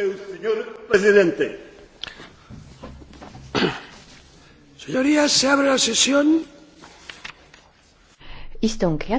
El señor presidente. Señorías, se abre la sesión. Istung jätkub.